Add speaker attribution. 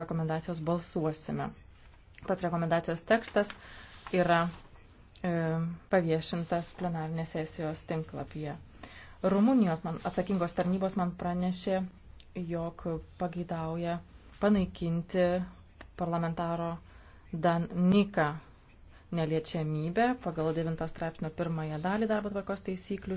Speaker 1: rekomendacijos balsuosime. Pats rekomendacijos tekstas yra e, paviešintas plenarinės sesijos tinklapyje. Rumunijos man, atsakingos tarnybos man pranešė, jog pageidauja panaikinti parlamentaro Dan Nika neliečiamybę pagal 9 straipsnio pirmąją dalį darbo tvarkos taisyklių.